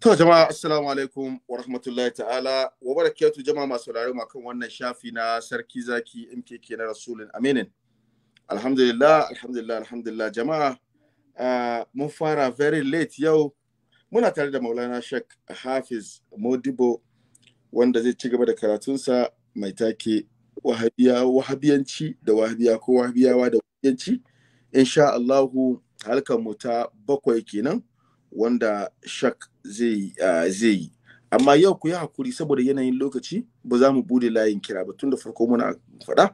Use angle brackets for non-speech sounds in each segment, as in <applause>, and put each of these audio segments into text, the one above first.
To jama'a assalamu alaikum wa rahmatullahi ta'ala wa barakatu jama'a masu ma kan wannan shafi na sarki zaki MKK na Rasulun Aminin. Alhamdulillah, alhamdulillah, alhamdulillah jama'a uh, mun fara very late yau muna tare da Maulana Sheikh Hafiz Modibo wanda zai ci gaba da karatunsa mai take wahabiya wahabiyanci da wahabiya ko wahabiyawa da wahabiyanci insha Allahu halkar mu ta bakwai kenan wanda shak zai yi amma yau ku yi hakuri saboda yanayin lokaci ba za mu bude layin kira ba tun da farko muna faɗa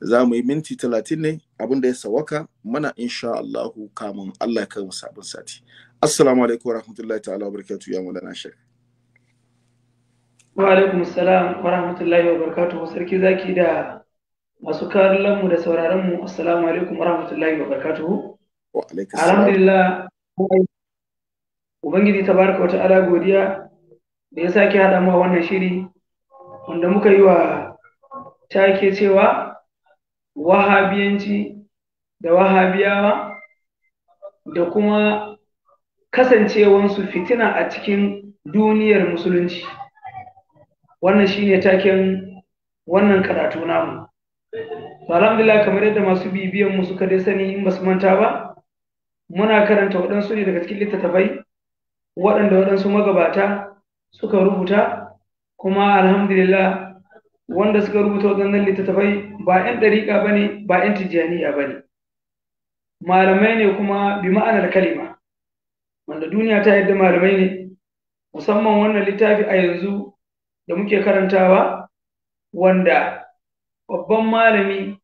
za mu yi minti talatin ne abin da ya sawaka mana insha Allahu kamun Allah ya kai sabon sati assalamu alaikum rahmatullahi ta'ala wabarakatuh ya mulana shek wa alaikum assalam wa wabarakatuh sarki zaki da masu kallon mu da sauraron mu assalamu alaikum wa wabarakatuh wa alaikum alhamdulillah ubangiji tabaraka godiya da ya sake haɗa mu a wannan shiri wanda muka yi wa take cewa wahabiyanci da wahabiyawa da kuma kasancewansu fitina a cikin duniyar musulunci wannan shi ne taken wannan karatu namu alhamdulillah kamar yadda masu bibiyan mu suka dai sani in basu manta ba muna karanta waɗansu ne daga cikin littattafai waɗanda waɗansu magabata suka rubuta kuma alhamdulillah wanda suka rubuta waɗannan littattafai ba 'yan ɗariƙa ba ne ba 'yan tijjaniya ba ne malamai ne kuma bi ma'anar kalima wanda duniya ta yadda malamai ne musamman wannan littafi a yanzu da muke karantawa wanda babban malami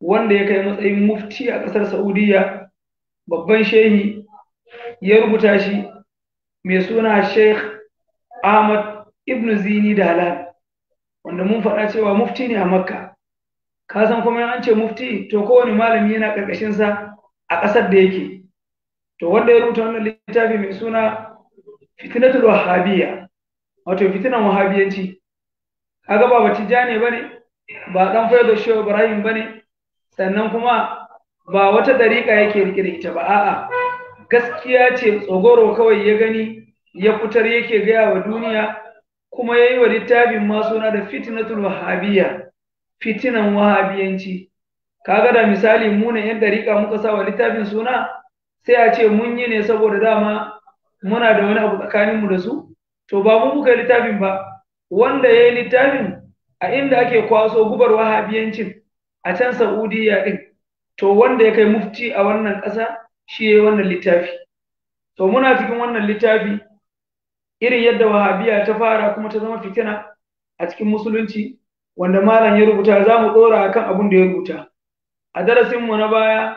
wanda ya kai matsayin mufti a ƙasar saudiya babban shehi ya rubuta shi mai suna sheikh ahmad ibn zini halal wanda mun faɗa cewa mufti ne a makka ka san kuma an ce mufti to kowane malami yana ƙarƙashinsa a ƙasar da yake to wanda ya rubuta wannan littafi mai suna fitinatul wahabiyya wato fitinan wahabiyanci kaga ba wata ja bane ba dan fayyado shehu ibrahim bane sannan kuma ba wata dariƙa yake rike da ita ba a'a gaskiya ce tsogoro kawai ya gani ya fitar yake gaya wa duniya kuma ya yi wa littafin ma suna da fitnatul wahabiyya fitinan wahabiyanci kaga da misali mu na yan dariƙa muka sa wa littafin suna sai a ce mun yi ne saboda dama muna da wani abu tsakaninmu da su to ba mu muka littafin ba wanda ya yi littafin a inda ake kwaso gubar wahabiyancin a can saudiya din to wanda ya kai mufti a wannan ƙasa shi ya yi wannan littafi to muna cikin wannan littafi irin yadda wahabiya ta fara kuma ta zama fitina a cikin musulunci wanda malam ya rubuta za mu ɗora akan abin da ya rubuta a darasin mu na baya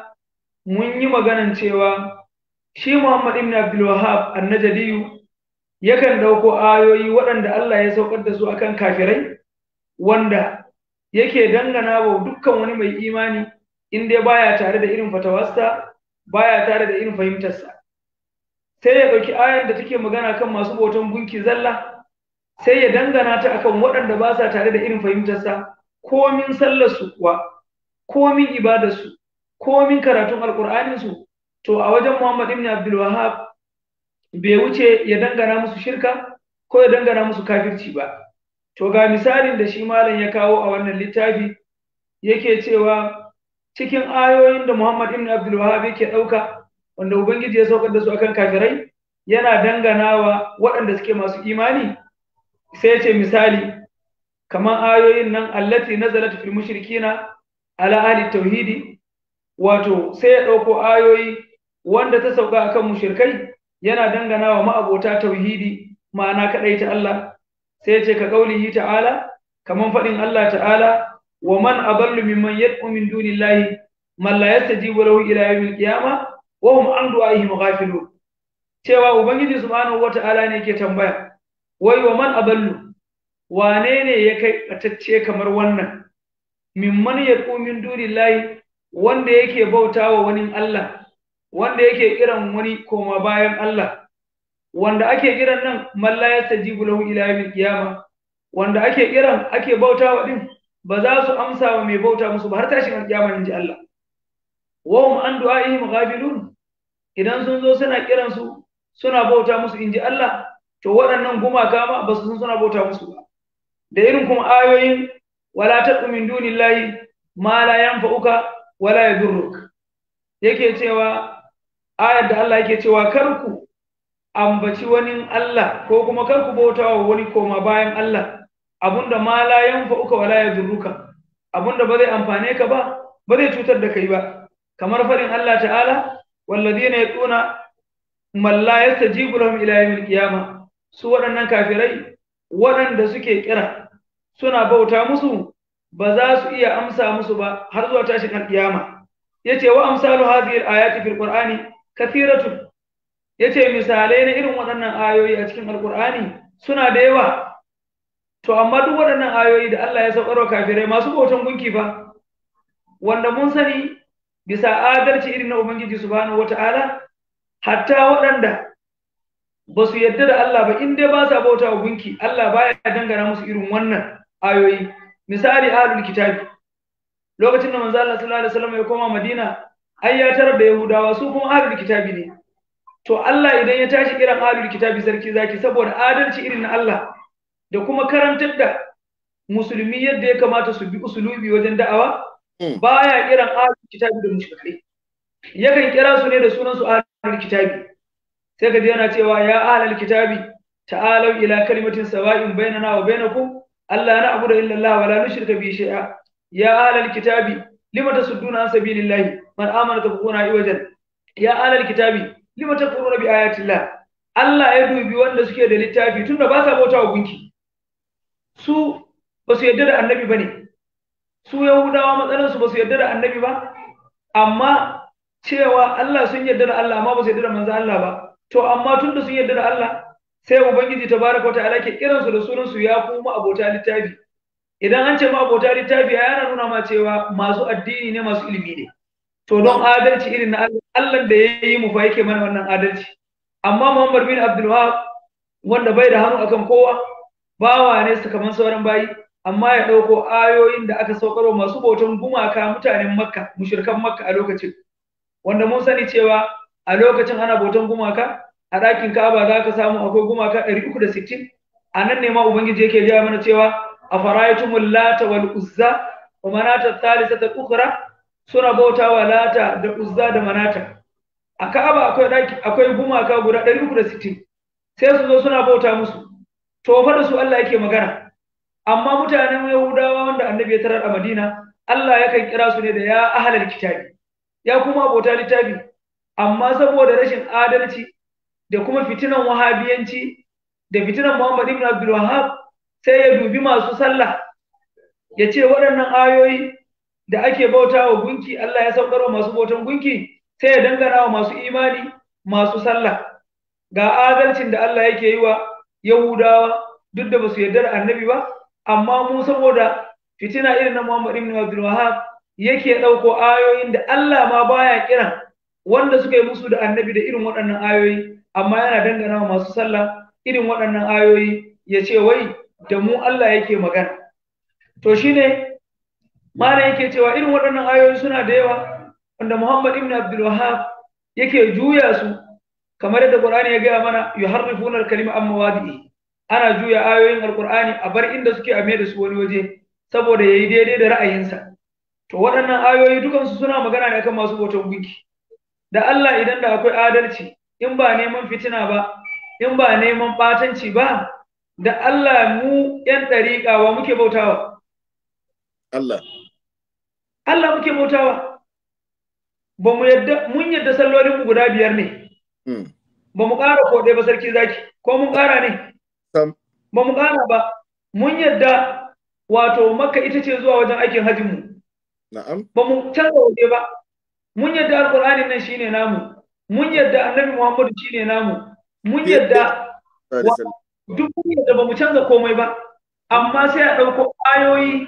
mun yi maganan cewa shi muhammad ibn abdul wahab annajadiyu yakan ɗauko ayoyi waɗanda allah ya saukar da su akan kafirai wanda yake dangana wa dukkan wani mai imani in dai baya tare da irin fatawarsa baya tare da irin fahimtarsa sai ya ɗauki ayar da take magana kan masu bautan bunki zalla sai ya dangana ta akan waɗanda ba sa tare da irin fahimtarsa komin sallarsu kuwa komin su komin karatun su, to a wajen muhammad ibn abdul wahab bai wuce ya dangana musu shirka ko ya dangana musu kafirci ba to ga misalin da shi malam ya kawo a wannan littafi yake cewa cikin ayoyin da Muhammad ibn Abdul Wahhab yake ɗauka wanda Ubangiji ya saukar da su akan kafirai yana danganawa waɗanda suke masu imani sai ce misali kamar ayoyin nan allati nazalat fil mushrikina ala ahli tauhid wato sai ya ɗauko ayoyi wanda ta sauka akan mushrikai yana danganawa ma'abota tauhidi ma'ana kaɗai ta Allah sai ce ka ƙaulihi ta'ala kamar faɗin Allah ta'ala ومن أضل ممن يدعو من دون الله من لا يستجيب له إلى يوم القيامة وهم عن دعائهم غافلون cewa ubangiji subhanahu wata'ala ne ke tambaya wai wa man aballu wane ne ya kai batacce kamar wannan mimman yad'u min dunillahi wanda yake bautawa wani Allah wanda yake kiran wani koma bayan Allah wanda ake kiran nan man la yastajibu lahu ila yawmil qiyama wanda ake kiran ake bautawa din ba za su amsa wa mai bauta musu ba har tashin alƙiyama in ji Allah wa hum an du'a'ihim ghafilun idan sun zo suna kiran su suna bauta musu in ji Allah to waɗannan gumaka ma ba su san suna bauta musu ba da irin kuma ayoyin wala taqu min dunillahi ma la yanfa'uka wala yadurruk yake cewa ayar da Allah yake cewa kar ku ambaci wani Allah ko kuma kar ku bauta wa wani koma bayan Allah abunda ma la uka wala zurruka abunda ba zai amfane ka ba ba zai cutar da kai ba kamar farin Allah ta'ala walladina yaquna man la yastajibu lahum ila yawmil qiyama su waɗannan kafirai waɗanda suke kira suna bauta musu ba za su iya amsa musu ba har zuwa tashin alƙiyama yace wa amsalu hadhihi al-ayati fil qur'ani kathiratu yace misalai na irin waɗannan ayoyi a cikin alƙur'ani suna da yawa to amma duk waɗannan ayoyi da Allah ya saukarwa kafirai masu bautan gunki fa wanda mun sani bisa adalci irin na ubangiji subhanahu wata'ala hatta waɗanda ba su yadda da Allah ba in dai ba sa bauta wa gunki Allah baya dangana musu irin wannan ayoyi misali ahlul kitabi lokacin da manzo Allah sallallahu alaihi wasallam ya koma Madina ai ya tarar da Yahudawa su kuma ahlul kitabi ne to Allah idan ya tashi kiran ahlul kitabi sarki zaki saboda adalci irin na Allah da kuma karantar da musulmi yadda ya kamata su bi usulubi wajen da'awa hmm. baya kiran ahlul kitabi da mushrikai yakan kira su ne da sunan su ahlul kitabi sai ka yana cewa ya ahlul kitabi ta'alu ila kalimatin sawa'in bainana wa bainakum alla na'budu illa Allah wa la nushrika bihi shay'a ya ahlul kitabi lima tasudduna an sabilillahi man amana tabquna iwajan ya ahlul kitabi lima takfuruna bi ayati Allah Allah ya dubi wanda suke da littafi tunda ba sa bautawa gunki su ba su yarda da annabi ba ne su yahudawa matsalansu ba su yarda da annabi ba amma cewa Allah sun yarda da Allah amma ba su yarda da manzo Allah ba to amma tun da sun yarda da Allah sai ubangiji tabaraka wa ta'ala ke kiransu da sunan su ya kuma abota littafi idan an ce ma abota littafi yana nuna ma cewa masu addini ne masu ilimi ne to don adalci irin na Allah Allah da yayi mu fa yake mana wannan adalci amma Muhammad bin Abdul wanda bai da hannu akan kowa bawa ne su kamar sauran bayi amma ya ɗauko ayoyin da aka saukarwa masu bautan gumaka mutanen makka mushrikan makka a lokacin wanda mun sani cewa a lokacin ana bautan gumaka a ɗakin ka'aba za ka samu akwai gumaka ɗari uku da sittin a nan ne ma ubangiji yake gaya mana cewa a fara'aitumul lata wal uzza wa manata thalithata ukhra suna wa lata da uzza da manata a ka'aba akwai akwai gumaka guda ɗari uku da sittin sai su zo suna bauta musu to fa da su Allah yake magana amma mutanen yahudawa wanda annabi ya tarar a madina Allah yakan kira su ne da ya ahalar kitabi ya kuma abota littafi amma saboda rashin adalci da kuma fitinan wahabiyanci da fitinan Muhammad ibn Abdul Wahhab sai ya dubi masu sallah ya ce waɗannan ayoyi da ake bauta wa gunki Allah ya saukar wa masu bautan gunki sai ya dangana wa masu imani masu sallah ga adalcin da Allah yake yi wa yahudawa duk da basu yarda da annabi ba amma mu saboda fitina irin na Muhammad ibn Abdul Wahhab yake ɗauko ayoyin da Allah ma baya kiran wanda suka yi musu da annabi da irin waɗannan ayoyi amma yana dangana wa masu sallah irin waɗannan ayoyi ya ce wai da mu Allah yake magana to shine mana yake cewa irin waɗannan ayoyi suna da yawa wanda Muhammad ibn Abdul Wahhab yake juya su kamar yadda Qur'ani ya gaya mana yuharrifuna al-kalima amma wadi'i ana juya ayoyin Alƙur'ani a bar inda suke a da su wani waje saboda yayi daidai da ra'ayinsa to waɗannan ayoyi dukansu suna magana ne akan masu bautan gunki da Allah idan da akwai adalci in ba neman fitina ba in ba neman batanci ba da Allah mu yan dariƙa wa muke bautawa Allah Allah muke bautawa ba mu yadda mun yadda sallolin mu guda biyar ne Hmm. ba mu ƙara ko ba sarki zaki ko mun ƙara ne ba mu ƙara ba mun yadda wato makka ita ce zuwa wajen aikin hajjin mu na'am ba mu canza waje ba mun yadda alqur'ani nan shine namu mun yadda annabi muhammadu shine namu mun yadda duk mun yadda ba mu canza komai ba amma sai a ɗauko ayoyi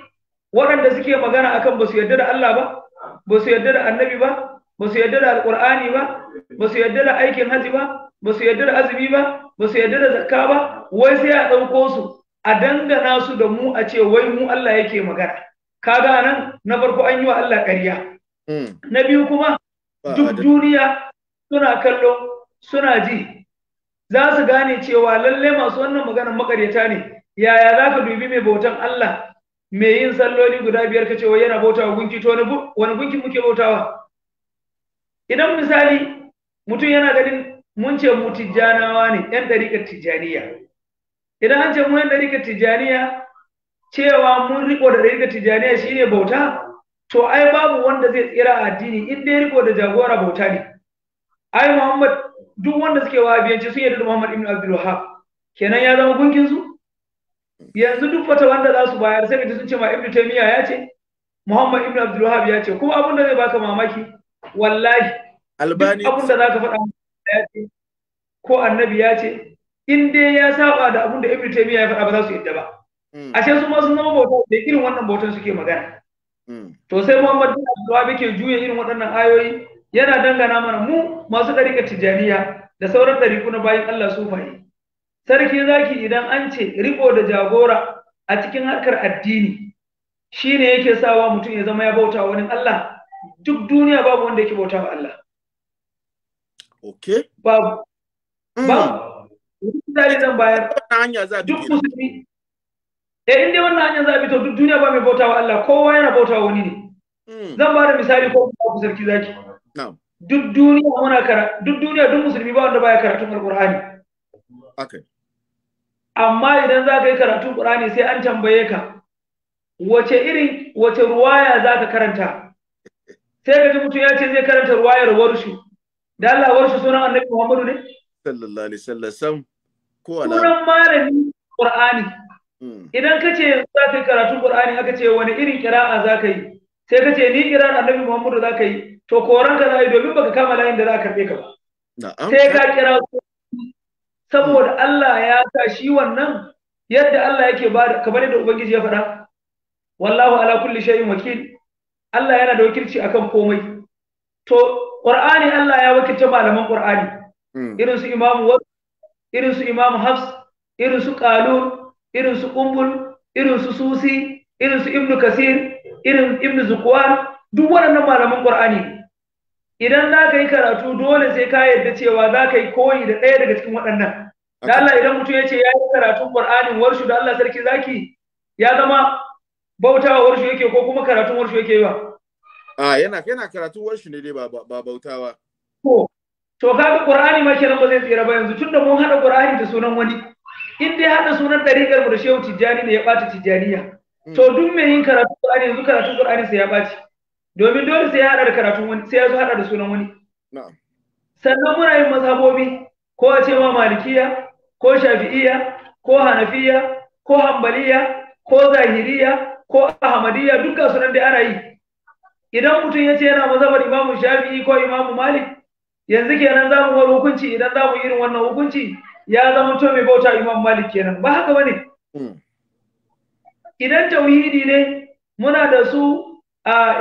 waɗanda suke magana akan ba su yadda da Allah ba ba su yadda da annabi ba ba su yarda da Alƙur'ani ba ba su yarda da aikin haji ba ba su yarda da azumi ba ba su yarda da zakka ba wai sai a ɗauko su a dangana su da mu a ce wai mu Allah yake magana kaga nan na farko an yi wa Allah ƙarya hmm. na biyu kuma duk duniya suna kallo suna ji za su gane cewa lalle masu wannan magana makaryata ne yaya za ka dubi mai bautan Allah mai yin salloli guda biyar ka ce wai yana bautawa gunki to wani gunki muke bautawa idan misali mutum yana ganin mun ce mu tijjanawa ne yan ɗariƙar tijjaniya idan an ce mu yan ɗariƙar tijjaniya cewa mun riko da ɗariƙar tijjaniya shine bauta to ai babu wanda zai tsira addini in dai riko da jagora bauta ne ai muhammad duk wanda suke wahabiyanci sun yarda muhammad ibn abdul wahab kenan ya zama gungin su yanzu duk wata wanda za su bayar sai sun ce ma ibn taymiya ya ce muhammad ibn abdul wahab ya ce kuma abin da zai baka mamaki wallahi albani abin da zaka faɗa ko annabi ya ce in dai ya saba da abin da ibnu taymiya ya faɗa ba za su yadda ba hmm. ashe su ma sun zama bauta da irin wannan bautan suke magana hmm. to sai Muhammad bin abdullahi ke juya irin waɗannan ayoyi yana dangana mana mu masu ɗariƙa tijaniya da sauran ɗariƙu na bayan Allah sufaye sarki zaki idan an ce riko da jagora a cikin harkar addini shine yake sawa mutum ya zama ya bauta wani Allah duk duniya babu wanda yake bauta wa Allah okay babu mm. babu misali zan bayar duk musulmi eh inda wannan hanyar za a bi to duk duniya ba mai bauta wa Allah kowa yana bauta wa wani ne mm. zan ba da misali ko ku sarki zaki duk duniya muna kara duk duniya duk musulmi ba wanda baya karatun alqur'ani okay amma idan za ka yi karatun ƙur'ani sai an tambaye ka wace irin wace ruwaya za ka karanta sai ka ji mutum ya ce zai karanta ruwayar warshu da Allah warshu sunan annabi Muhammadu ne sallallahu alaihi wasallam ko ala sunan malami Qur'ani hmm. idan kace ce za ka yi karatun Qur'ani aka ce wani irin kira'a za ka yi sai ka ce ni kira'a annabi Muhammadu za ka yi to koran ka za yi domin baka kama layin da za ka karbe ka ba sai ka kira saboda Allah ya sa shi wannan yadda Allah yake ba kamar yadda ubangiji ya faɗa wallahu ala kulli shay'in wakil Allah yana da wakilci akan komai to Qur'ani Allah ya wakilta malaman Qur'ani hmm. irin su Imam Wa irin su Imam Hafs irin su Qalun irin su Qumbul irin su Susi irin su Ibn Kasir irin Ibn Zukwan duk waɗannan malaman Qur'ani idan za ka yi karatu dole sai ka yarda cewa za ka yi koyi da ɗaya daga cikin waɗannan da Allah idan mutum ya ce ya yi karatun Qur'anin warshu da Allah sarki zaki ya zama bautawa warshi yake ko kuma karatun warshi yake ba a yana yana karatun warshi ne dai ba bautawa ko to kaga qur'ani ma kenan ba zai tsira ba yanzu tunda mun hada qur'ani da sunan wani in dai hada sunan dariƙar mu da shehu tijjani ne ya bata tijjaniya mm. to duk mai yin karatun qur'ani yanzu karatun qur'ani sai ya ɓaci. domin dole sai ya hada da karatun wani sai ya zo hada da sunan wani na'am sannan muna yin mazhabobi ko a ce ma malikiya ko shafi'iya ko hanafiya ko hambaliya ko zahiriya ko ahmadiyya dukkan sunan da ana yi idan mutum ya ce yana mazhabar Imam shafi'i ko Imam malik yanzu kenan za mu war hukunci idan za mu irin wannan hukunci ya zama to mai bauta imam malik kenan ba haka bane hmm. idan tauhidi ne muna da su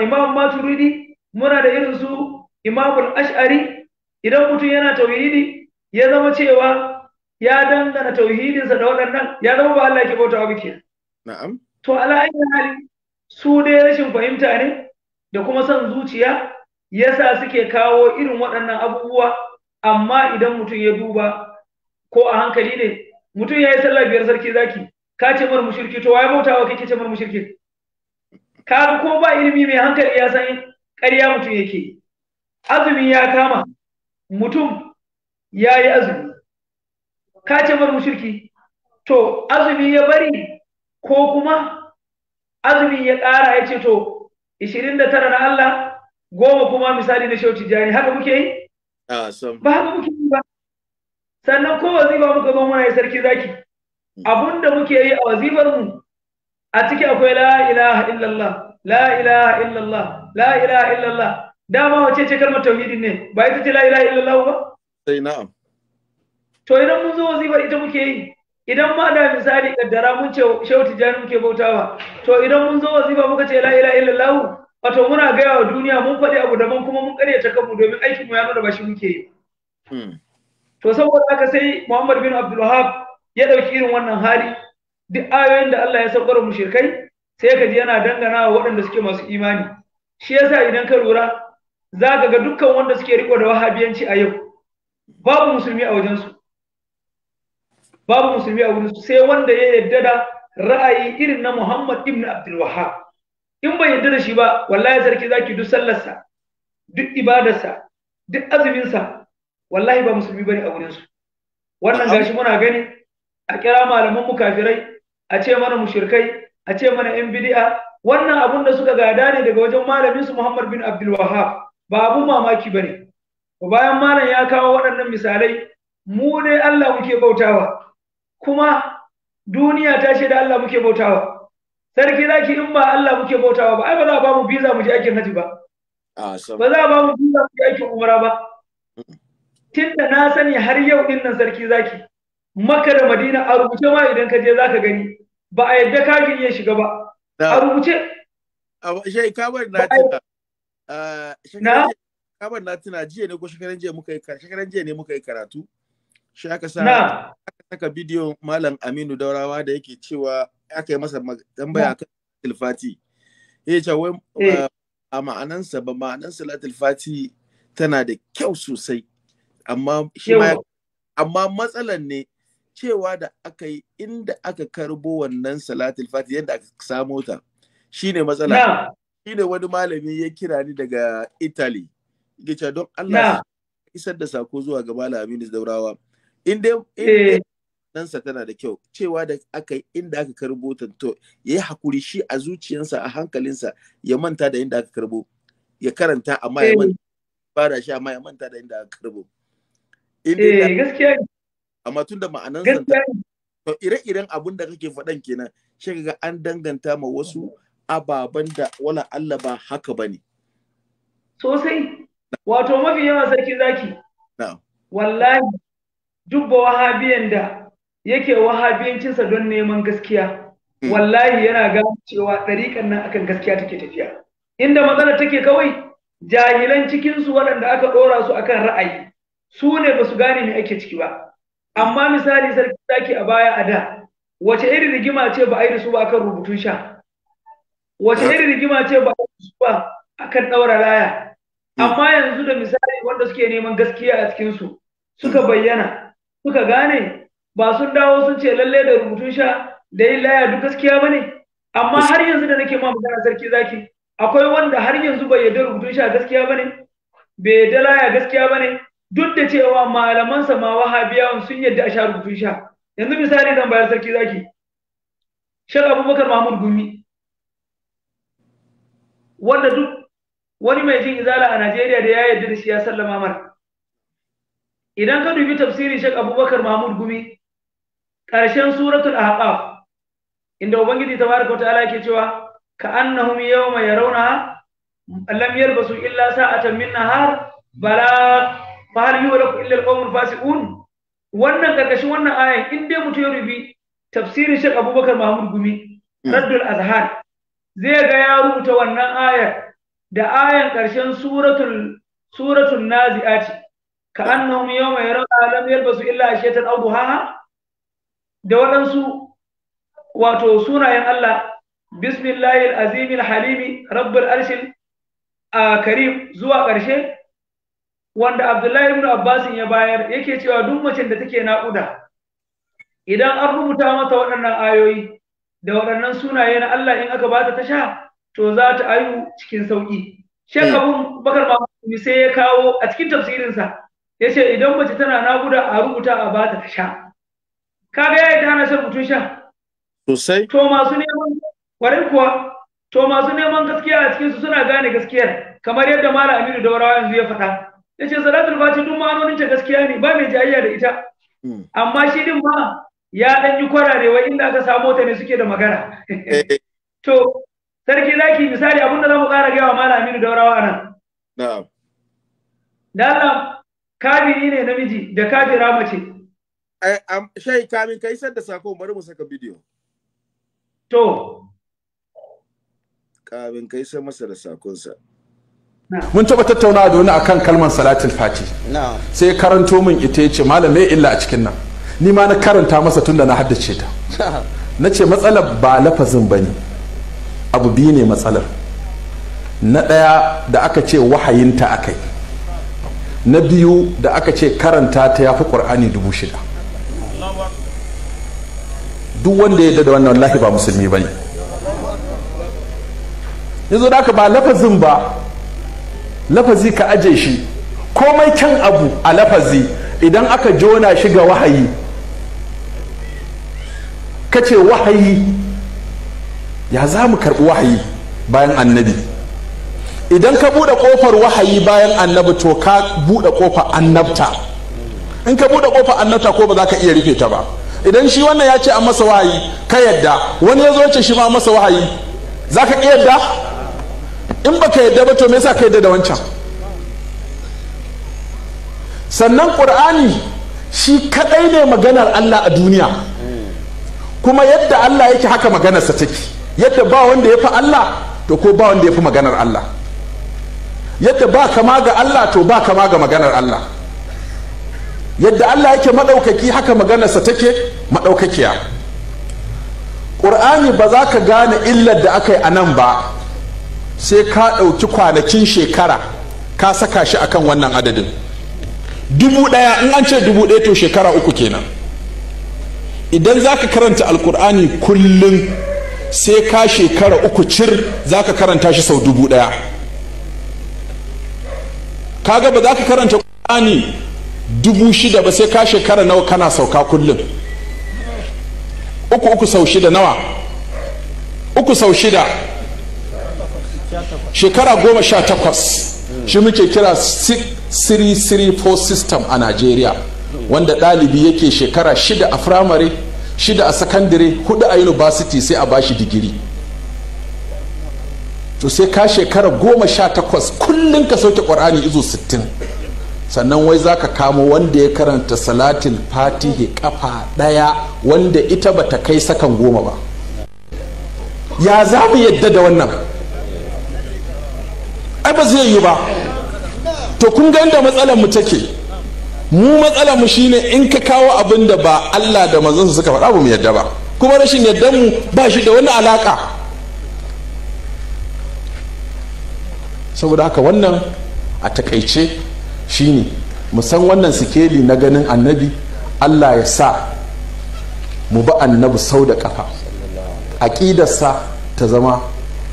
imam maturidi muna da irin su imamul ash'ari idan mutum yana tauhidi ya zama cewa ya dangana tauhidinsa da waɗannan ya zama ba Allah ke bauta ba kenan na'am to ala'ayyar hali su dai rashin fahimta ne da kuma son zuciya yasa suke kawo irin waɗannan abubuwa amma idan mutum ya duba ko a hankali ne mutum ya yi sallah biyar sarki zaki ka ce mar mushirki to waye bauta wa kake ce mar mushirki ka ko ba ilimi mai hankali ya san ƙarya mutum yake azumi ya kama mutum ya yi azumi ka ce mar mushirki to azumi ya bari ko kuma azumi ya ƙara ya ce to 29 na Allah goma kuma misali na shauci jani haka muke yi ba haka muke yi ba sannan ko wazifa muka zo muna yi sarki zaki hmm. da muke yi a wazifar mu a ciki akwai la ilaha illallah la ilaha illallah la ilaha illallah dama wace ce kalmar tauhidin ne ba ita ce la ilaha illallah ba sai na'am to idan mun zo wazifar ita muke yi idan ma da misali kaddara mun ce shehu tijani muke bautawa to idan mun zo wazifa muka ce la ilaha illallah wato muna gaya wa duniya mun faɗi abu daban kuma mun karyata kanmu domin aikin mu ya mana ba muke yi hmm. to saboda haka sai Muhammad bin Abdul Wahab ya dauki irin wannan hali duk ayoyin da Allah ya saukar mu shirkai sai ka ji yana dangana wa waɗanda suke masu imani shi yasa idan ka lura zaka ga dukkan wanda suke riko da wahabiyanci a yau babu musulmi a wajensu babu musulmi a wurin sai wanda ya yarda da ra'ayi irin na Muhammad ibn Abdul Wahhab in bai yarda da shi ba wallahi sarki zaki duk sallarsa duk ibadarsa duk azuminsa wallahi ba musulmi bane a wurin su wannan gashi muna gani a kira malaman mukafirai, kafirai a ce mana mushrikai a ce mana yan bid'a wannan abun da suka gada ne daga wajen malamin su Muhammad bin Abdul Wahhab ba abun mamaki bane bayan malam ya kawo waɗannan misalai mu ne Allah muke bautawa kuma duniya ta ce da Allah muke bautawa sarki zaki in ba Allah muke bautawa ba ai ba za a ba mu visa mu je aikin haji ba ba za a ba mu visa mu je aikin umra ba tunda na sani har yau din nan sarki zaki maka da madina a rubuce ma idan ka je zaka gani ba a yadda kafin ya shiga ba a rubuce shai kabar na tuna kabar na tuna jiya ne ko shekaran jiya muka yi karatu jiya ne muka yi karatu shi aka sa saka bidiyo Malam Aminu Daurawa da yake cewa aka yi masa tambaya kan Salatul Ya ce wai eh. a ma'anansa ba ma'anansa Salatul Fati tana da kyau sosai. Amma shi matsalan ne cewa da aka yi inda aka karbo wannan Salatul Fati yadda aka samo ta. Shine matsala. Shine wani malami ya kira ni daga Italy. Ya ce don Allah isar da sako zuwa ga Malam Daurawa. In dai eh. sa tana da kyau cewa da aka yi inda aka karbo ta to ya yi hakuri shi a zuciyarsa a hankalinsa ya manta da inda aka karbo ya karanta amma ya eh. manta fara shi amma ya manta da inda aka karbo eh gaskiya amma tunda ma'anan to ire-iren abun da kake faɗan kenan shi ga an danganta ma wasu ababen da wala Allah ba haka bane sosai wato mafi yawa sarki zaki wallahi dubba wahabiyan da yake wahabiyancinsa don neman gaskiya hmm. wallahi yana gano cewa ɗariƙan nan akan gaskiya take tafiya inda matsala take kawai jahilan cikinsu waɗanda aka ɗora su akan ra'ayi su ne ba su gane me ake ciki ba amma misali sarki zaki a baya a da wace irin rigima ce ba a yi da su ba akan rubutun sha wace irin rigima ce ba a yi da su ba akan ɗaura laya hmm. amma yanzu da misali wanda suke neman gaskiya a cikinsu suka bayyana suka gane ba sun dawo sun ce lalle da rubutun sha da yin laya duk gaskiya ba ne amma har yanzu da nake ma magana sarki zaki akwai wanda har yanzu bai yarda rubutun sha gaskiya ba ne bai yarda laya gaskiya ba ne duk da cewa malamansa ma wahabiyawan sun yarda a sha rubutun sha yanzu misali zan bayar sarki zaki Shan abubakar mahmud gumi wanda duk wani mai jin izala a najeriya da ya yarda da shi ya sallama idan ka dubi tafsirin shek abubakar mahmud gumi ƙarshen suratul ahqaf inda ubangiji tabaraka ta'ala yake cewa ka annahum yawma yarawna lam yalbasu illa sa'atan min nahar bala fa hal yuhlaku illa al-qawmul fasiqun wannan karkashin wannan ayan in dai mutum ya rubi tafsirin Sheikh Abubakar Mahmud Gumi hmm. Raddul Azhar zai ga ya rubuta wannan ayar da ayan ƙarshen suratul suratul nazi'ati ka annahum yawma yarawna lam yalbasu illa ashiyatan aw duhaha da waɗansu wato sunayen Allah bismillahil azimil halimi rabbul arshil a karim zuwa ƙarshe wanda Abdullahi ibn Abbasin ya bayar yake cewa duk macen da take naƙuda idan an rubuta masa waɗannan ayoyi da waɗannan sunaye na Allah in aka bata ta sha to za ta ayu cikin sauƙi Shan eh. Abu Bakar Mahmud sai ya kawo a cikin tafsirinsa ce idan mace tana naƙuda a rubuta a bata ta sha kaga ya yi ta hana shan mutum sha sosai to masu neman kwarin kuwa to masu neman gaskiya a cikin su suna gane gaskiyar kamar yadda malam aminu da yanzu ya faɗa ya ce salatul fati duk ma'anonin ta gaskiya ne ba mai jayayya da ita hmm. amma shi din ma ya ɗan yi kwararewa inda aka samo ta ne suke da magana eh. <laughs> to sarki zaki misali abin da za mu ƙara gaya wa malam aminu da warawa nan na'am da Allah kafiri ne namiji da kafira mace Eh, Shai kamin ka isar da sako bari mu saka bidiyo. To. Kamin ka isar masa da sakonsa. Mun taɓa tattauna da wani akan kalmar salatul fati. Sai karanto min ita yace malam me illa a cikin nan. Ni ma na karanta masa tunda na haddace ta. Na ce matsalar ba lafazin bane. Abu biyu ne matsalar. Na ɗaya da aka ce wahayinta akai. Na biyu da aka ce karanta ta yafi ƙur'ani dubu shida. duk wanda ya da wannan wallahi ba musulmi bane yanzu da ba lafazin ba lafazi ka aje shi komai kyan abu a lafazi idan aka jona shi ga wahayi kace wahayi ya za mu karɓi wahayi bayan annabi idan ka buɗe ƙofar wahayi bayan annabi to ka buɗe ƙofar annabta in ka buɗe ƙofar annabta ko ba za ka iya rufe ta ba idan shi wannan ya ce a masa wahayi ka yadda wani ya zo ce shi ma masa wahayi za ka yadda in ba ka yadda ba to me yasa ka yadda da wancan sannan ƙur'ani shi kaɗai ne maganar Allah a duniya kuma yadda Allah yake haka maganarsa take yadda ba wanda ya fi Allah to ko ba wanda ya fi maganar Allah yadda ba kama ga Allah to ba kama ga maganar Allah yadda Allah yake maɗaukaki haka maganarsa take maɗaukakiya ƙur'ani ba za ka gane illar da aka yi a nan ba sai ka ɗauki kwanakin shekara ka saka shi akan wannan adadin dubu ɗaya in an ce dubu ɗaya to shekara uku kenan idan za ka karanta alkur'ani kullum sai ka shekara uku cir za ka karanta shi sau dubu ɗaya kaga ba za ka karanta ƙur'ani dubu shida ba sai ka shekara nawa kana sauka kullum uku uku sau shida nawa uku sau shida shekara goma sha takwas shi muke kira 334 system a najeriya wanda ɗalibi yake shekara shida a firamare shida a sakandare hudu a university sai a bashi digiri to sai ka shekara goma sha takwas kullum ka sauke ƙwar'ani izo sittin sannan wai za ka kamo wanda ya karanta salatin fatihi kafa daya wanda ita ba ta kai sakan goma ba ya za mu yadda da wannan ai ba zai yi ba to kun ga inda matsalar mu take mu matsalar mu shine in ka kawo abin da ba Allah da manzon suka faɗa ba mu yadda ba kuma rashin yadda mu ba shi da wani alaka saboda haka wannan a takaice shine mu san wannan sikeli na ganin annabi allah ya sa mu ba annabi sau da kafa aƙidarsa ta zama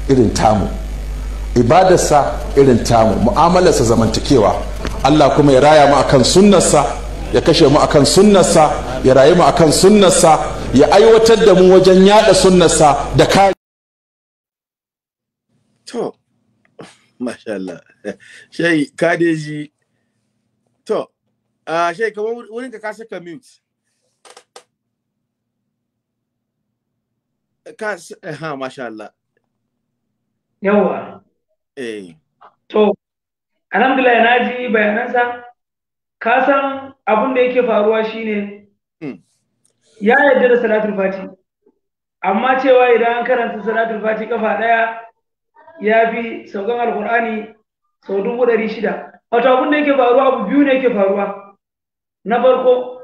irin tamu ibadarsa irin tamu mu'amalarsa zamantakewa allah kuma ya raya mu akan sunnarsa ya kashe mu akan sunnarsa ya rayu mu akan sunnarsa ya aiwatar da mu wajen yada sunnarsa da kare to shai kadeji To, uh, shai kamar wurin ka saka mute. Ka ha masha Allah. Yawa. Eh. To, alhamdulillah na ji bayanansa. Ka san abin da yake faruwa shine hmm. ya yarda da salatul fati. Amma cewa idan an karanta salatul fati kafa ɗaya ya fi saukan alkur'ani sau dubu ɗari shida. wato abin da yake faruwa abu biyu ne yake faruwa na farko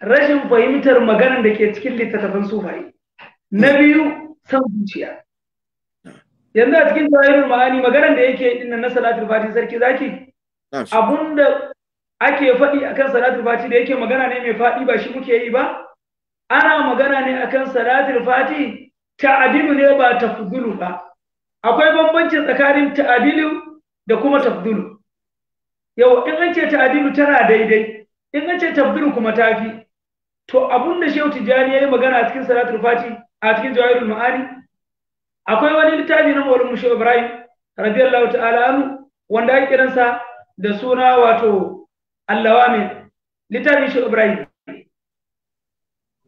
rashin fahimtar maganar da ke cikin littattafan sufaye na hmm. biyu san zuciya yanzu a cikin jawahirul ma'ani maganar da yake din na salatul fati sarki zaki abunda ake faɗi akan salatul fati da yake magana ne mai faɗi ba shi muke yi ba ana magana ne akan salatul fati ta'adilu ne ba tafdulu ba akwai bambanci tsakanin ta'adilu da kuma tafdulu yau in an ce ta adilu tana daidai in an ce tabdilu kuma tafi to abun da shehu tijjani ya yi magana a cikin salatul fati a cikin jawahirul ma'ani akwai wani littafi na maulin mushe ibrahim radiyallahu ta'ala anu wanda ya kiransa da suna wato allawami littafin shehu ibrahim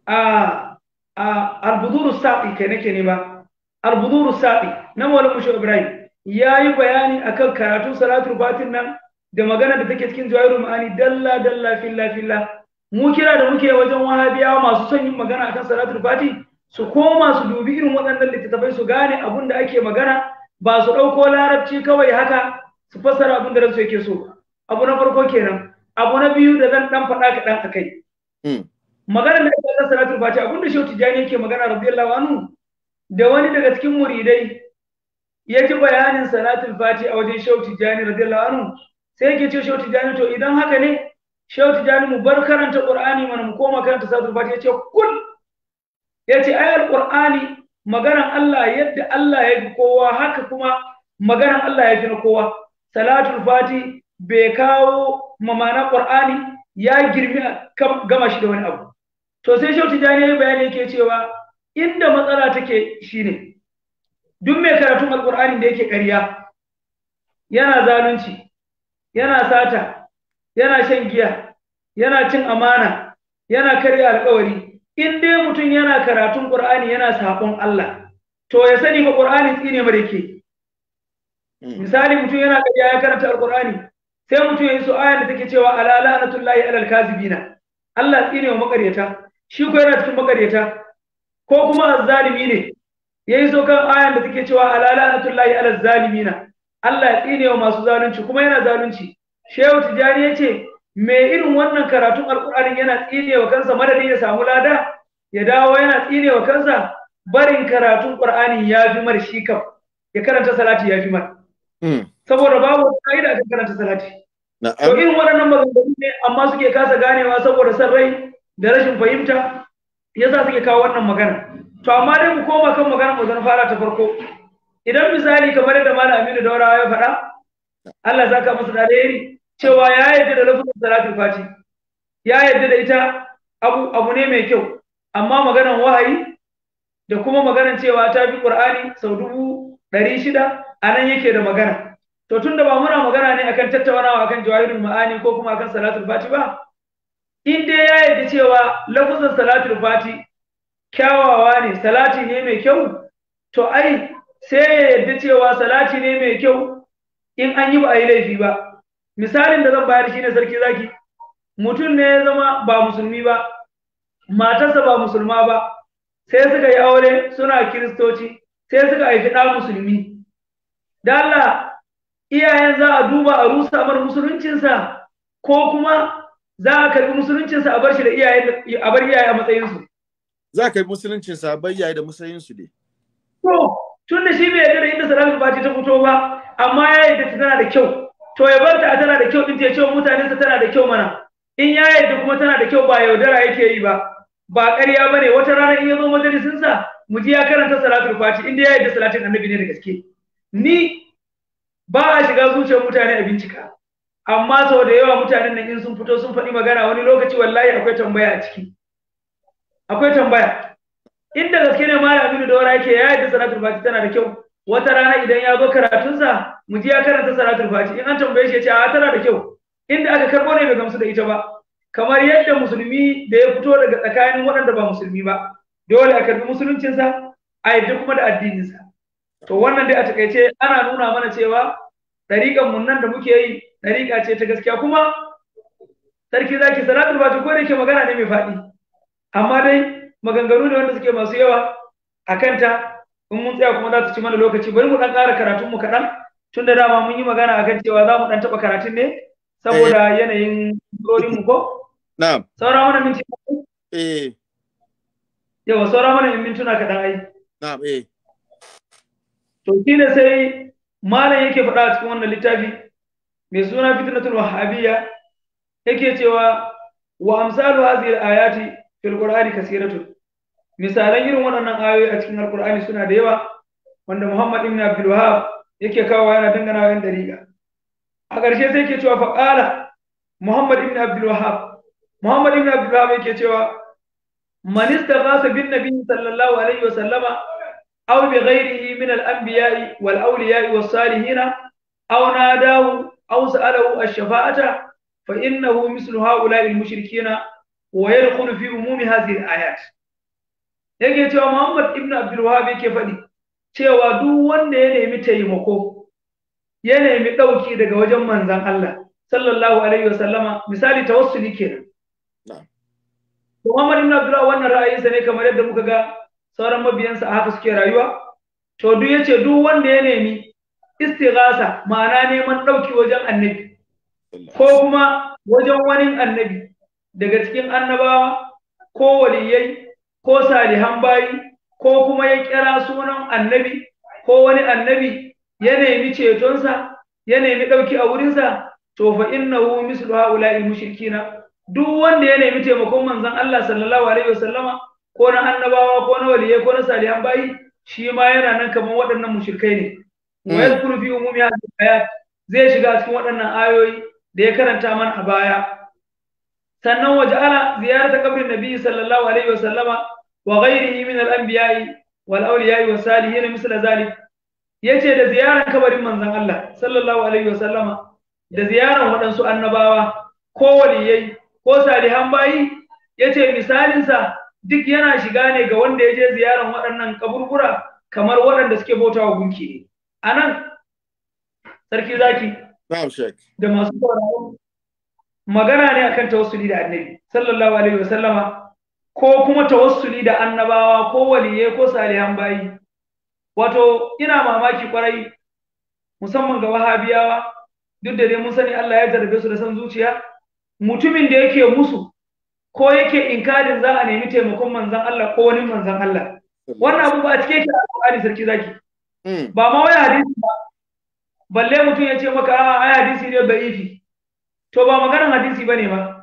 a a albuduru sa'i kai nake ba albuduru sa'i na maulin mushe ibrahim ya yi bayani akan karatun salatul fatin nan da magana da take cikin jawairu ma'ani dalla dalla filla filla mu kira da muke wajen wahabiyawa masu son yin magana akan salatul fati su koma su dubi irin waɗannan littattafai su gane abin da ake magana ba su ɗauko larabci kawai haka su fassara abin da ransu yake so abu na farko kenan abu na biyu da zan dan faɗa kaɗan dan kai hmm. magana da ake akan salatul fati abin da shehu tijani yake magana radiyallahu anhu da wani daga cikin muridai ya ji bayanin salatul fati a wajen shehu tijani radiyallahu anhu sai yake ce shehu tijani to idan haka ne shehu tijani mu bar karanta qur'ani mana mu koma karanta suratul fatiha yace kul yace ayar qur'ani maganar Allah yadda Allah ya fi kowa haka kuma maganar Allah ya fi na kowa salatul fati bai kawo mamana qur'ani ya girmi gama shi da wani abu to sai shehu tijani ya bayani yake cewa inda matsala take shine duk mai karatun alqur'ani da yake ƙarya yana zalunci yana sata yana shan giya yana cin amana yana karya alƙawari, in dai mutum yana karatun qur'ani yana sakon Allah to ya sani ba qur'ani tsine mare ke hmm. misali mutum yana karya ya karanta alqur'ani sai mutum ya yi su'ayar da take cewa ala la'natullahi alal kazibina Allah tsine wa makariyata shi ko yana cikin makariyata ko kuma azzalimi ne yayi so kan ayar da take cewa ala la'natullahi alal zalimina Allah ya tsine wa masu zalunci kuma yana zalunci shehu tijani ya ce me irin wannan karatun alkurani yana tsine wa kansa madadin ya samu lada ya dawo yana tsine wa kansa barin karatun qur'ani ya fi mar shi kam ya karanta salati ya fi mar hmm. saboda babu wata ka'ida akan karanta salati to irin waɗannan maganganu ne amma suke kasa ganewa saboda san rai da rashin fahimta yasa suke kawo wannan magana to amma dai mu koma kan magana mu zan fara ta farko idan misali kamar da malam Aminu Daurawa ya faɗa Allah zaka musu da alheri cewa ya yarda da lafazin salatul fati ya yarda da ita abu abu ne mai kyau amma maganar wahayi da kuma maganan cewa ta bi Qur'ani sau dubu ɗari shida a nan yake da magana to tunda ba muna magana ne akan tattaunawa akan jawahirul ma'ani ko kuma akan salatul fati ba in dai ya yarda cewa lafazin salatul fati kyawawa ne salati ne mai kyau to ai sai ya yarda cewa salati ne mai kyau in an yi ba a yi laifi ba misalin da zan bayar shine sarki zaki mutum ne ya zama ba musulmi ba matarsa ba musulma ba sai suka yi aure suna kiristoci sai suka haifi ɗa musulmi da Allah iyayen za a duba a rusa mar musuluncinsa ko kuma za a karbi musuluncinsa a bar shi da iyaye a bar iyaye a matsayinsu za a karbi musuluncinsa a bar iyaye da matsayinsu ne to tun da shi bai yarda da inda ba ce ta fito ba amma ya yarda ta tana da kyau to ya bar ta tana da kyau din ta ce mutanen ta tana da kyau mana in ya yarda kuma tana da kyau ba yaudara yake yi ba ba ƙarya ne, wata rana in ya zo majalisin sa mu ji ya karanta salatu fati inda ya yarda salatin annabi ne da gaske ni ba a shiga zuciyar mutane a bincika amma sau da yawa mutanen nan in sun fito sun faɗi magana wani lokaci wallahi akwai tambaya a ciki akwai tambaya inda gaske ne abinu Aminu Daura yake ya yi da salatul fati tana da kyau wata rana idan ya zo karatunsa mu ji ya karanta salatul fati in an tambaye shi ya ce a tana da kyau inda aka karbo ne bai gamsu da ita ba kamar yadda musulmi da ya fito daga tsakanin waɗanda ba musulmi ba dole a karbi musuluncinsa a yadda kuma da addininsa to wannan dai a takaice ana nuna mana cewa ɗariƙan mun nan da muke yi ɗariƙa ce ta gaskiya kuma sarki zaki salatul fati ko da yake magana ne mai faɗi amma dai maganganu ne wanda suke masu yawa a kanta in mun tsaya kuma za su ci mana lokaci bari mu dan ƙara karatun mu kaɗan tun da dama mun yi magana a kan cewa za mu dan taɓa karatun ne saboda eh. yanayin dorin mu ko na'am saura mana minti eh yawa saura mana mintuna kaɗan ai na'am eh to shine sai malam yake faɗa a cikin wannan littafi mai suna fitnatul wahabiyya yake cewa wa amsalu hadhihi al-ayati fil qur'ani kasiratun misalan irin waɗannan ayoyi a cikin alkur'ani suna da yawa wanda muhammad ibn abdul wahab yake kawo yana dangana wa yan a ƙarshe sai ke cewa faƙala muhammad ibn abdul wahab muhammad ibn abdul wahab yake cewa man istaghasa bin nabi sallallahu alaihi wa sallama aw bi ghairihi min al anbiya'i wal awliya'i was salihina aw nadahu aw sa'alahu ash-shafa'ata fa innahu mislu ha'ula'i al mushrikina wa yadkhulu fi umumi hadhihi al ayat yake cewa Muhammad ibn Abdul Wahhab yake faɗi cewa duk wanda ya nemi taimako ya nemi ɗauki daga wajen manzan Allah sallallahu alaihi wasallama misali tawassuli kenan To Muhammad ibn Abdul Wahhab wannan ra'ayinsa ne kamar yadda muka ga sauran mabiyansa a haka suke rayuwa to duk yace duk wanda ya nemi istighasa ma'ana neman ɗauki wajen annabi ko kuma wajen wani annabi daga cikin annabawa ko waliyai ko salihan bayi ko kuma ya kira sunan annabi ko wani annabi ya nemi cetonsa ya nemi ɗauki a wurinsa to fa innahu mislu haula'i mushrikina duk wanda ya nemi taimakon manzon Allah sallallahu alaihi wasallama ko na annabawa ko na waliyai ko na salihan bayi shi ma yana nan kamar waɗannan mushrikai ne hmm. wa yadhkuru fi umumi hadhihi ayat zai shiga cikin waɗannan ayoyi da ya karanta mana a baya sannan waja'ala ziyarata kabrin nabi sallallahu alaihi wasallama وغيره من الأنبياء والأولياء والصالحين مثل ذلك yace da ziyarar kabarin manzon Allah sallallahu da ziyarar waɗansu annabawa ko waliyai ko salihan bayi yace misalinsa duk yana shiga ne ga wanda ya je ziyarar waɗannan kaburbura kamar waɗanda suke bautawa gunki ne anan sarki zaki da masu magana ne akan tawassuli da annabi sallallahu ko kuma tawassuli da annabawa ko waliye ko salihan bayi wato ina mamaki kwarai musamman ga wahabiyawa duk da dai mun sani Allah ya jarrabe su da san zuciya mutumin da yake musu ko yake inkarin za a nemi taimakon manzan Allah ko wani manzan Allah wannan abu ba a cike yake sarki zaki hmm. ba ma wai hadisi ba balle mutum ya ce maka a'a hadisi ne da'ifi to ba maganar hadisi bane ba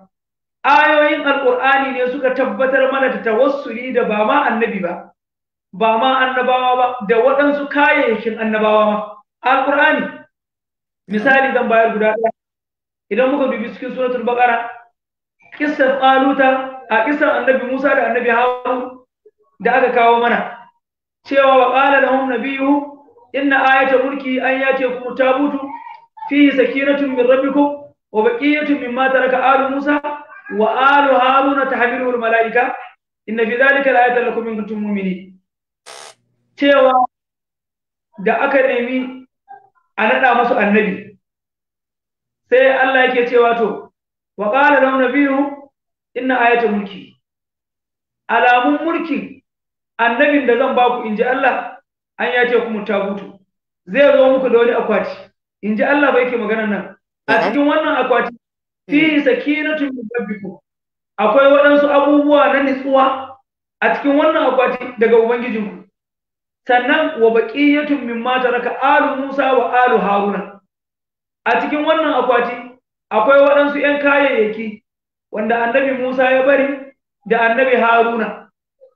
ayoyin Alƙur'ani ne suka tabbatar mana da tawassuli da ba ma annabi ba ba ma annabawa ba da waɗansu kayayyakin annabawa ma Alƙur'ani, misali zan bayar guda ɗaya idan muka dubi cikin suratul baqara ƙisar qaluta a kissar annabi Musa da annabi Harun da aka kawo mana cewa wa qala lahum nabiyyu inna ayata mulki an yatiyakum tabutu fi sakinatun min rabbikum wa baqiyatun mimma taraka alu Musa wa alu haruna tahmiluhu al malaika inna fi dhalika la ayatan lakum in kuntum mu'minin cewa da aka nemi a nada musu annabi sai Allah yake cewa to wa qala lahu nabiyyu inna ayata mulki alamun mulkin annabin da zan baku inji Allah an ce kuma tabutu zai zo muku da wani akwati inji Allah bai ke maganar nan a cikin wannan akwati fi mm. sakinatun rabbikum akwai waɗansu abubuwa na nitsuwa a cikin wannan akwati daga ubangijinku sannan wa baqiyatun mimma taraka alu Musa wa alu Haruna a cikin wannan akwati akwai waɗansu ‘yan kayayyaki wanda annabi Musa ya bari da annabi Haruna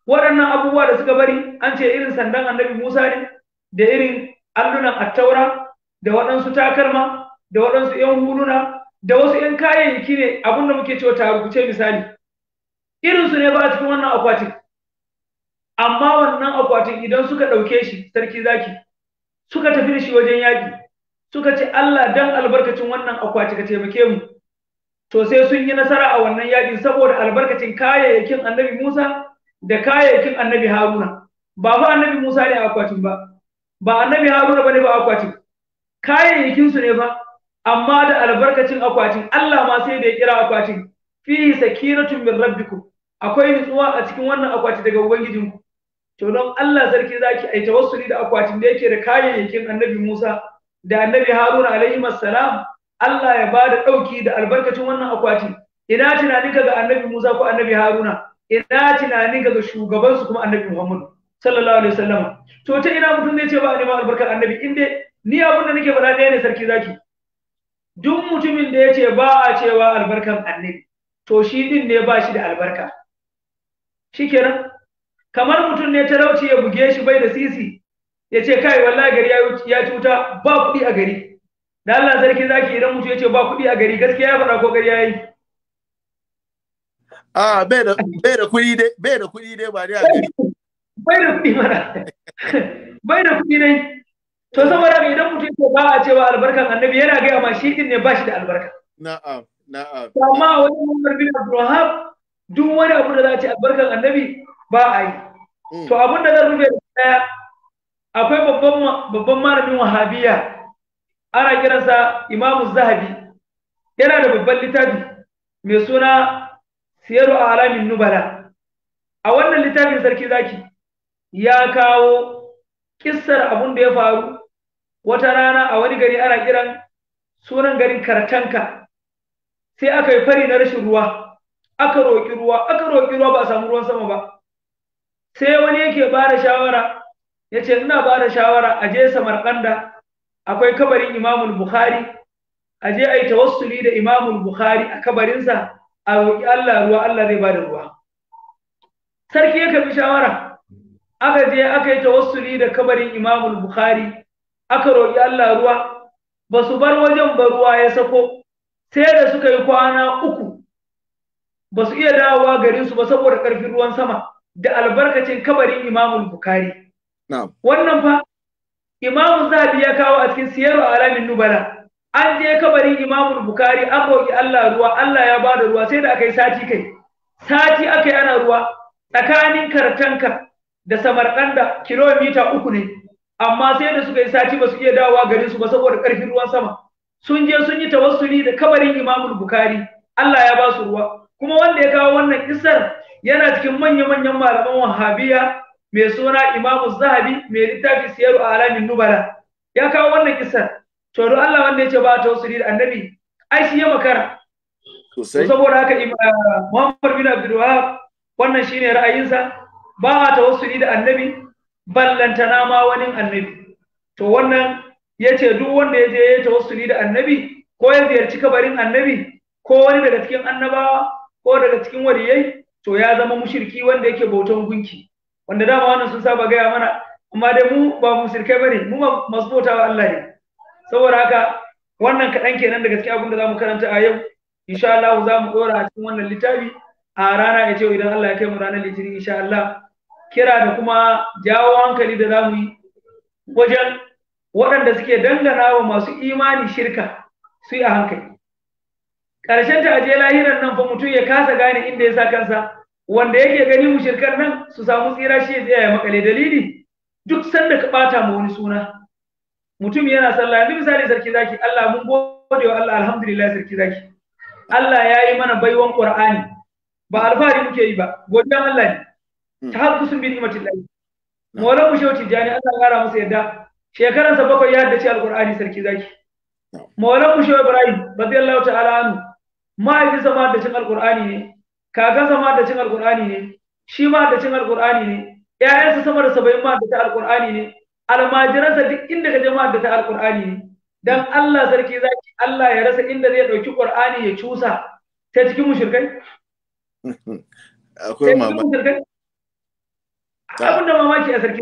waɗannan abubuwa da suka bari an ce irin sandan annabi Musa ne da irin allunan attaura da waɗansu takalma da waɗansu ‘yan huluna da wasu 'yan kayayyaki ne abin da muke cewa ta misali irinsu ne ba a cikin wannan akwatin amma wannan akwatin idan suka ɗauke shi sarki zaki suka tafi da shi wajen yaƙi suka ce Allah dan albarkacin wannan akwati ka taimake mu to sai sun yi nasara a wannan yaƙin saboda albarkacin kayayyakin annabi Musa da kayayyakin annabi Haruna ba fa annabi Musa ne a akwatin ba ba annabi Haruna bane ba akwatin kayayyakin su ne ba amma da albarkacin akwatin Allah ma sai da ya kira akwatin fi sakinatun min rabbikum akwai nutsuwa a cikin wannan akwati daga ubangijinku to don Allah sarki zaki ai tawassuli da akwatin da yake da kayayyakin annabi Musa da annabi Haruna alaihi assalam Allah ya bada dauki da albarkacin wannan akwati ina tunanin ga annabi Musa ko annabi Haruna ina tunanin ga shugaban su kuma annabi Muhammad sallallahu alaihi wasallam to ta ina mutum zai ce ba ni ma albarkar annabi inde ni abin da nake faɗa ɗaya ne sarki zaki duk mutumin da ya ce ba a cewa albarkan annabi to shi din ne ba shi da albarka shikenan kamar mutum ne talauci ya buge shi bai da sisi ya ce kai wallahi gari ya cuta ba kuɗi a gari da Allah sarki zaki idan mutum ya ce ba kuɗi a gari gaskiya ya faɗa ko gari yayi a bai da bai da kuɗi dai bai da kuɗi dai ba dai a gari bai da kuɗi mana bai da kuɗi dai to saboda ga idan mutum ko ba a cewa albarkan annabi yana gaya ma shi din ne ba shi da albarka na'am na'am amma a wajen bin Abdulrahman duk wani abu da za a ce albarkan annabi ba a yi hmm. to abin da zan rufe daya akwai babban babban malamin wahabiya ana kiransa Imamu Zahabi yana da babban littafi mai suna Siyaru Alamin Nubala a wannan littafin sarki zaki ya kawo kissar abun da ya faru wata rana a wani gari ana kiran sunan garin kartanka sai aka yi fari na rashin ruwa aka roƙi ruwa aka roƙi ruwa ba a samu ruwan sama ba sai wani yake ba da shawara ya ce ina ba da shawara a je samarkanda akwai kabarin imamul bukhari a je a yi tawassuli da imamul bukhari a kabarinsa a roƙi allah ruwa allah zai ba da ruwa sarki ya karbi shawara aka je aka yi tawassuli da kabarin imamul bukhari aka roƙi Allah ruwa ba su bar wajen ba ruwa ya sako sai da suka yi kwana uku ba su iya dawowa garin su ba saboda ƙarfin ruwan sama da albarkacin kabarin imamul bukari wannan fa Imamun zabi ya kawo a cikin siyaru alamin nubala an je kabarin imamul bukari an roƙi Allah ruwa Allah ya ba da ruwa sai da aka yi sati kai sati aka yi ana ruwa tsakanin kartanka da samarkanda kilomita uku ne amma sai da suka yi sati ba su iya dawowa garin su ba saboda ƙarfin ruwan sama sun je sun yi tawassuli da kabarin imamul bukari Allah ya ba su ruwa kuma wanda ya kawo wannan kisar yana cikin manya-manyan malaman wahabiya mai suna imamu zahabi mai littafi siyaru a alamin nubala ya kawo wannan isar to Allah wanda ya ce ba tawassuli da annabi ai shi ya makara saboda haka Muhammad bin Abdul wannan shine ra'ayinsa ba a tawassuli da annabi ballantana ma wani annabi to wannan ya ce duk wanda ya je ya tawassuli da annabi ko ya ziyarci kabarin annabi ko wani daga cikin annabawa ko daga cikin waliyai to ya zama mushirki wanda yake bautan gunki wanda dama wannan sun saba gaya mana amma dai mu ba mu mushirkai bane mu masu bautawa Allah ne saboda haka wannan kaɗan kenan daga cikin abin da zamu karanta a yau insha Allah za mu dora a cikin wannan littafi a rana ya ce idan Allah ya kai mu ranar litinin insha Allah kira da kuma jawo hankali da za mu yi wajen waɗanda suke dangana wa masu imani shirka su yi a hankali ƙarshen ta aje lahiran nan fa mutum ya kasa gane inda ya sa kansa wanda yake gani mu shirkar nan su samu tsira shi ya tsaya ya makale dalili duk sanda ka ɓata ma wani suna mutum yana sallah yanzu misali sarki zaki Allah mun gode wa Allah alhamdulillah sarki zaki Allah ya yi mana baiwan Qur'ani ba alfahari muke yi ba godiya Allah ne har hmm. tahabbusun bi ni'matillahi mu hmm. Ushehu jani Allah ya kara masa yadda shekaran sa bakwai ya haddace Alƙur'ani sarki zaki. mu Ushehu Ibrahim radiyallahu ta'ala anhu zama ma haddacin Alƙur'ani ne zama ma haddacin Alƙur'ani ne shi ma haddacin Alƙur'ani ne sa sama da saba'in ma haddacin Alƙur'ani ne sa duk inda ka je ma ta Alƙur'ani ne dan Allah sarki zaki Allah ya rasa inda zai ɗauki qur'ani ya cusa ta cikin mushrikai. <laughs> Akwai mamaki. abin da mamaki a sarki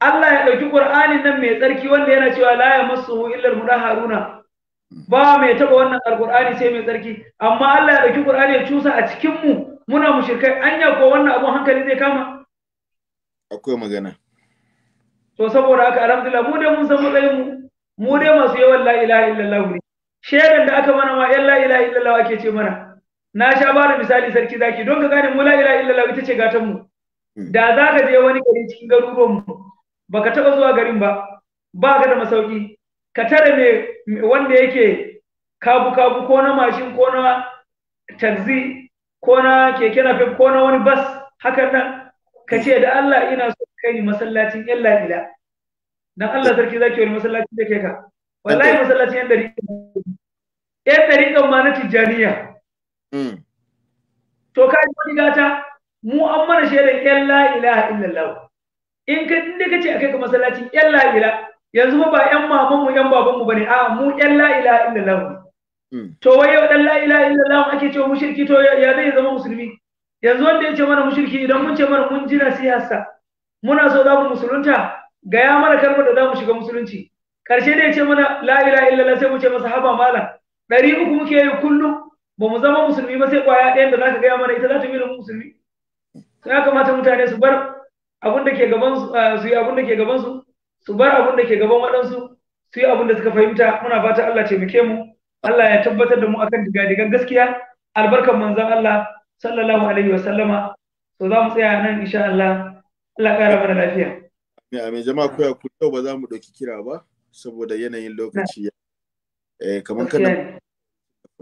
Allah ya ɗauki Qur'anin nan mai tsarki wanda yana cewa la ya masu illal Haruna. Mm. ba mai taba wannan alqur'ani sai mai tsarki amma Allah ya ɗauki Qur'ani ya cusa a cikin mu muna mushrikai anya ko wannan abun hankali zai kama akwai magana to saboda haka alhamdulillah mu dai mun san matsayin mu mu dai masu yawan la ilaha illallah ne shedan da aka mana ma yan la ilaha illallah ake ce mana na sha ba da misali sarki zaki don ka gane mu la ilaha illallah ita ce gatan mu hmm. da za ka je wani gari cikin garuruwan mu baka taba zuwa garin ba ba ka da masauki ka tare me wanda yake kabu kabu ko na mashin ko na taxi ko na keke napep ko na wani bas hakan nan ka ce da Allah ina so kai ni masallacin yan la'ila dan Allah sarki zaki wani masallacin da ke ka wallahi masallacin yan dariƙa yan dariƙa ma na tijaniya Mm. to ka ji wani gata mu an mana shaidan yan la ilaha illallah in ka inda kace akai ka masallaci yan la ilaha yanzu ba yan maman mu yan baban mu bane a mu yan la ilaha illallah mm. to wai yau dan la ilaha illallah ake cewa mushriki to ya zai zama musulmi yanzu wanda ya ce mana mushriki idan mun ce mana mun ji siyasa, muna so za mu musulunta gaya mana kalmar da za mu shiga musulunci karshe da ya ce mana la ilaha illallah sai mu ce masa haba malam ɗari uku muke yi kullum ba mu zama musulmi ba sai kwaya ɗayan da za ka gaya mana ita za ta da mu musulmi sai ya kamata mutane su bar abin da ke gaban eh, su yi abin da ke gaban su su bar abin da ke gaban waɗansu su yi abin da suka fahimta muna fata Allah taimake mu Allah ya tabbatar da mu akan digadigan gaskiya albarkan manzon Allah sallallahu alaihi wa sallama to za mu tsaya nan insha Allah Allah ƙara mana lafiya amin amin jama'a koya ku yau ba za mu ɗauki kira ba saboda yanayin lokaci eh kamar kana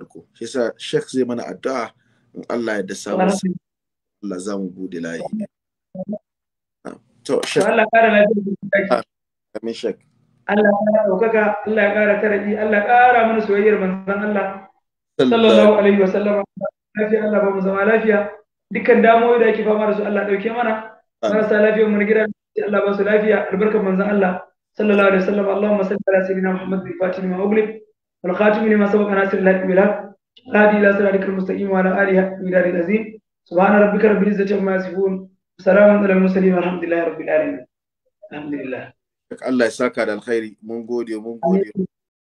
farko shi yasa shek zai mana addu'a in Allah ya da samu Allah za mu bude layi ah, to shek Allah kara lafiya amin shek Allah ya kara ah, Allah ya kara karabi Allah ya kara mana soyayyar manzon Allah sallallahu alaihi sallam lafiya Allah ba mu zama lafiya dukkan damuwoyi da yake fama da su Allah dauke mana marasa lafiya mu gida Allah ba su lafiya albarkar manzon Allah sallallahu alaihi sallam Allahumma salli ala sayyidina Muhammad bi fatimi wa uglim والخاتم لما سبق ناصر الله بالحق هادي الى صراطك المستقيم وعلى اله حق العظيم سبحان ربك رب العزه عما يصفون وسلام على المرسلين والحمد لله رب العالمين الحمد لله Allah ya saka da alkhairi mun gode mun gode